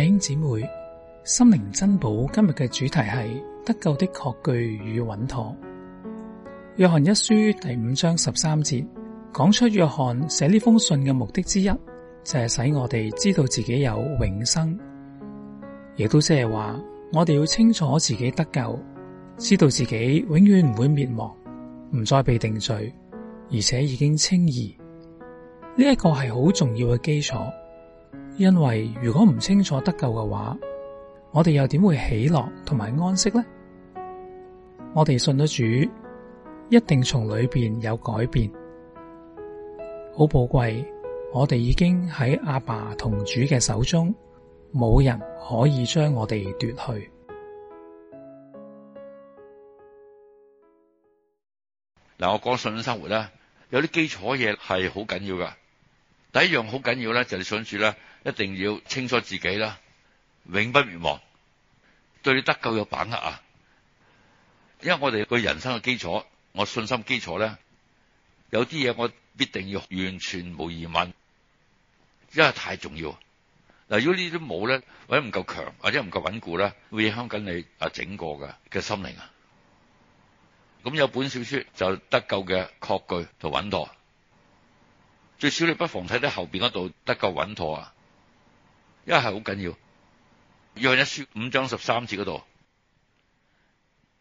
弟兄姊妹，心靈珍寶，今日嘅主題係得救的確據與穩妥。約翰一書第五章十三節講出約翰寫呢封信嘅目的之一，就係、是、使我哋知道自己有永生，亦都即係話我哋要清楚自己得救，知道自己永遠唔會滅亡，唔再被定罪，而且已經清義。呢一個係好重要嘅基礎。因為如果唔清楚得救嘅話，我哋又點會喜樂同埋安息呢？我哋信得主，一定從裏邊有改變，好寶貴。我哋已經喺阿爸同主嘅手中，冇人可以將我哋奪去。嗱，我講信生活啦，有啲基礎嘢係好緊要噶。第一樣好緊要咧，就係、是、你想住咧，一定要清楚自己啦，永不滅亡，對得救有把握啊！因為我哋個人生嘅基礎，我信心基礎咧，有啲嘢我必定要完全無疑問，因為太重要。嗱，如果呢啲冇咧，或者唔夠強，或者唔夠穩固咧，會影響緊你啊整個嘅嘅心靈啊！咁有本小書就得救嘅確據同穩妥。最少你不妨睇睇後邊度得夠穩妥啊！因為係好緊要。約壹書五章十三節度，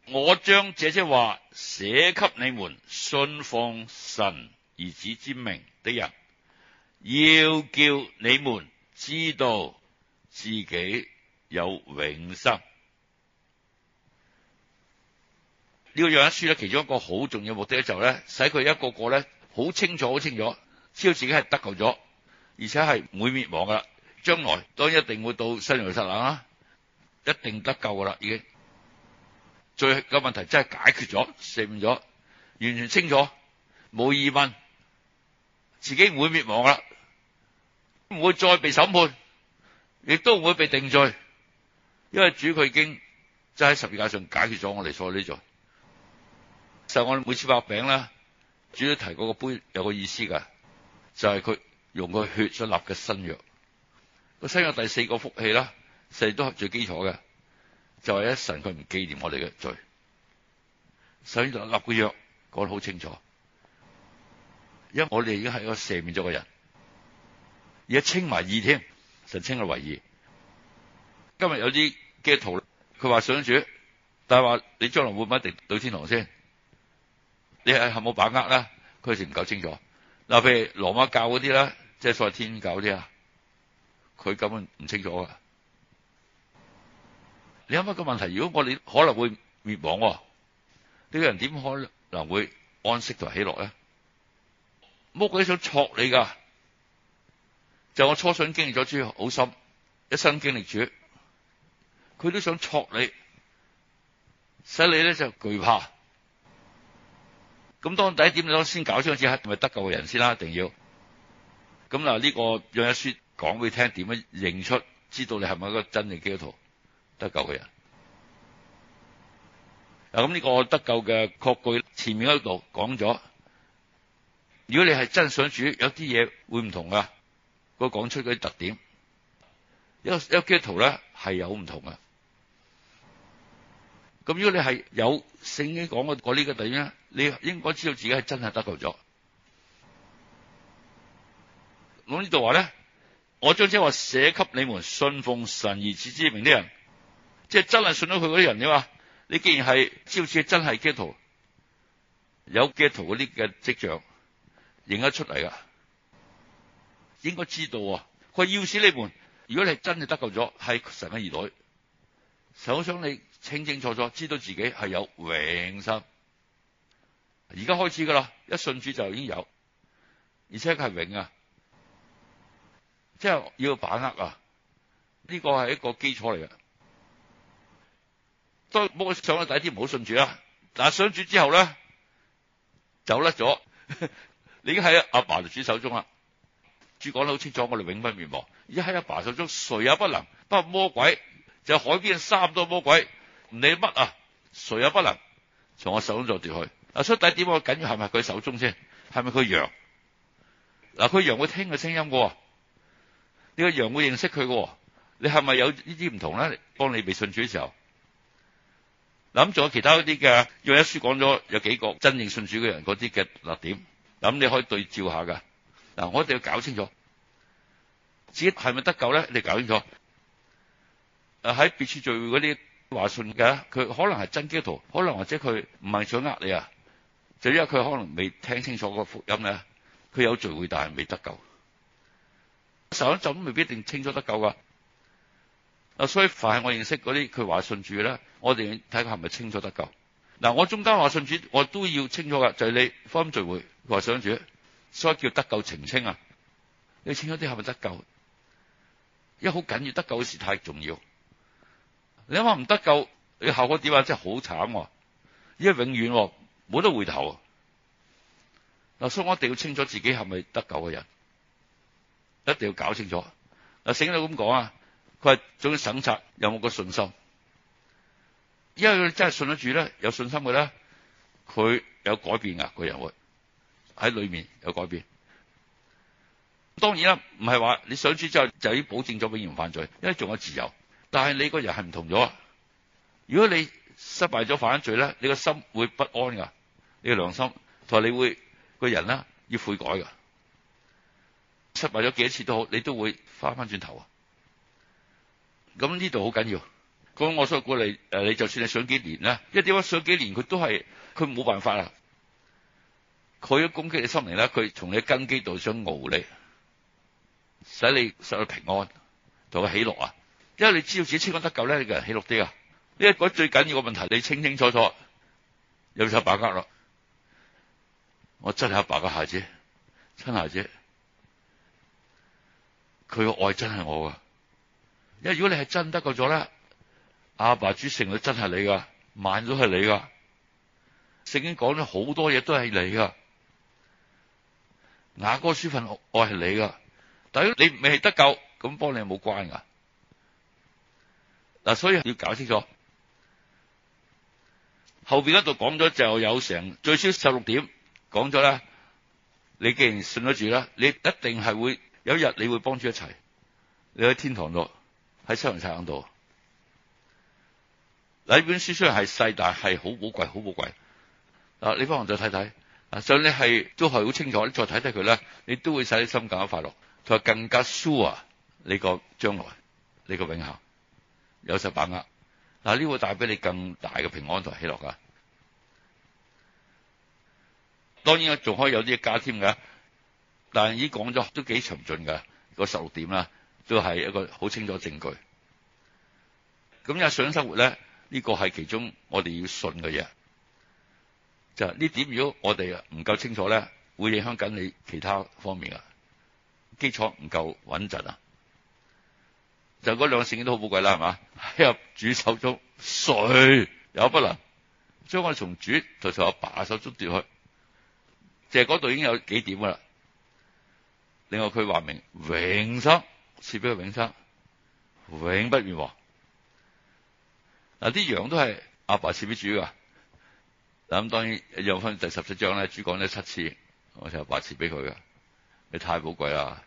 我將這些話寫給你們信奉神兒子之名的人，要叫你們知道自己有永生。呢、這個約壹書咧，其中一個好重要的目的咧，就咧使佢一個個咧好清楚、好清楚。知道自己係得救咗，而且係唔會滅亡噶啦。將來當然一定會到新耶路撒冷啦，一定得救噶啦，已經最個問題真係解決咗、承認咗，完全清楚，冇疑問，自己唔會滅亡噶啦，唔會再被審判，亦都唔會被定罪，因為主佢已經真係喺十字架上解決咗我哋所有呢座。就我哋每次擘餅啦，主都提嗰個杯有個意思噶。就係佢用個血所立嘅新約，個新約第四個福氣啦，四都係最基礎嘅，就係、是、一神佢唔紀念我哋嘅罪，首先就立個約講得好清楚，因為我哋而家係個赦免咗嘅人，而家稱埋義添，神稱佢為義。今日有啲基督徒佢話想主，但係話你將來會唔一定到天堂先，你係冇把握啦，佢事唔夠清楚。嗱，譬如羅馬教嗰啲啦，即係所謂天教啲啊，佢根本唔清楚噶。你諗下個問題，如果我哋可能會滅亡喎，呢個人點可能會安息同喜樂咧？魔鬼想戳你噶，就我初信經歷咗主好深，一生經歷主，佢都想戳你，使你咧就懼怕。咁當第一點，你都先搞清之後，咪得救嘅人先啦，一定要。咁嗱，呢個讓阿雪講俾聽，點樣認出知道你係咪一個真正基督徒得救嘅人？嗱，咁呢個我得救嘅確據，前面嗰度講咗。如果你係真是想主，有啲嘢會唔同啊，個講出嗰啲特點，一一基督徒咧係有唔同啊。咁如果你係有聖經講嘅呢個點咧，你應該知道自己係真係得救咗。我呢度話咧，我將這些話寫給你們信奉神兒子之名啲人，即係真係信咗佢嗰啲人。你話你既然係照此真係基督徒，有基督徒嗰啲嘅跡象認得出嚟噶，應該知道啊、哦。佢要死你們，如果你係真係得救咗，係神嘅兒女，神想你。清清楚楚知道自己係有永生，而家開始噶啦，一信主就已經有，而且佢係永啊，即係要把握啊！呢個係一個基礎嚟嘅。都冇上個底啲唔好信主啊！但係信主之後咧，走甩咗， 你已經喺阿爸、爸主手中啦。主講得好清楚，我哋永不滅亡，而家喺阿爸手中，誰也不能，不過魔鬼，就海邊三多魔鬼。唔理乜啊，誰也不能從我手中做掉去。嗱，出底點我緊要係咪佢手中先？係咪佢羊？嗱，佢羊會聽佢聲音嘅喎，呢個羊會認識佢嘅喎。你係咪有呢啲唔同咧？幫你未信主嘅時候，諗仲有其他嗰啲嘅？約一書講咗有幾個真正信主嘅人嗰啲嘅特點，嗱咁你可以對照下噶。嗱，我一定要搞清楚，自己係咪得救咧？你搞清楚。啊，喺別處聚會嗰啲。話信嘅，佢可能係真基督徒，可能或者佢唔係想呃你啊，就因為佢可能未聽清楚個福音咧，佢有聚會大，但未得救。上就都未必一定清楚得救噶，啊，所以凡係我認識嗰啲佢話信主咧，我哋睇佢係咪清楚得救。嗱，我中間話信主，我都要清楚噶，就係、是、你福音聚會話信主，所以叫得救澄清啊，你清楚啲係咪得救？因為好緊要，得救嘅事太重要。你話唔得救，你效果點啊？真係好慘，因為永遠冇、啊、得回頭、啊。嗱、啊，所以我一定要清楚自己係咪得救嘅人，一定要搞清楚。嗱，聖經咁講啊，佢話仲要審察有冇個信心，因為佢真係信得住咧，有信心嘅咧，佢有改變噶、啊，佢人會喺裏面有改變。當然啦，唔係話你上主之後就要保證咗永唔犯罪，因為仲有自由。但係你個人係唔同咗。啊。如果你失敗咗犯罪咧，你個心會不安噶，你個良心同埋你會個人啦，要悔改噶。失敗咗幾多次都好，你都會翻翻轉頭。咁呢度好緊要。咁我所鼓勵，誒，你就算你想幾年咧，因為點解想幾年佢都係佢冇辦法啊。佢要攻擊你心靈咧，佢從你根基度想熬你，使你失去平安同佢喜樂啊。因為你知道自己清楚得救咧，你個人起錄啲啊。呢一個最緊要嘅問題，你清清楚楚有手把握咯。我真係阿爸個孩子，親孩子，佢個愛真係我噶。因為如果你係真得救咗咧，阿爸,爸主聖靈真係你噶，萬都係你噶。聖經講咗好多嘢都係你噶，雅歌書份愛係你噶。但係你未係得救，咁幫你冇關噶。嗱、啊，所以要搞清楚，後邊嗰度講咗就有成最少十六點講咗啦。你既然信得住啦，你一定係會有一日你會幫住一齊。你喺天堂度，喺西人擦眼度。嗱、啊，呢本書雖然係細，但係好寶貴，好寶貴。啊，你不妨再睇睇。啊，所以你係都係好清楚，你再睇睇佢咧，你都會使心更加快樂，同埋更加 sure 你個將來，你個永恆。有實把握，嗱，呢會帶俾你更大嘅平安同喜樂噶。當然仲可以有啲加添噶，但係已經講咗都幾詳盡噶。嗰十六點啦，都係一個好清楚證據。咁有上生活咧，呢個係其中我哋要信嘅嘢，就係呢點，如果我哋唔夠清楚咧，會影響緊你其他方面噶基礎唔夠穩陣啊。就嗰兩個聖經都好寶貴啦，係嘛？喺阿主手中，誰有不能將我從主就從阿爸手中捉奪去。就係嗰度已經有幾點噶啦。另外佢話明永生，賜俾佢永生，永不滅亡。嗱啲羊都係阿爸賜俾主噶。嗱咁當然，羊分第十七章咧，主講呢七次，我就阿爸賜俾佢噶。你太寶貴啦。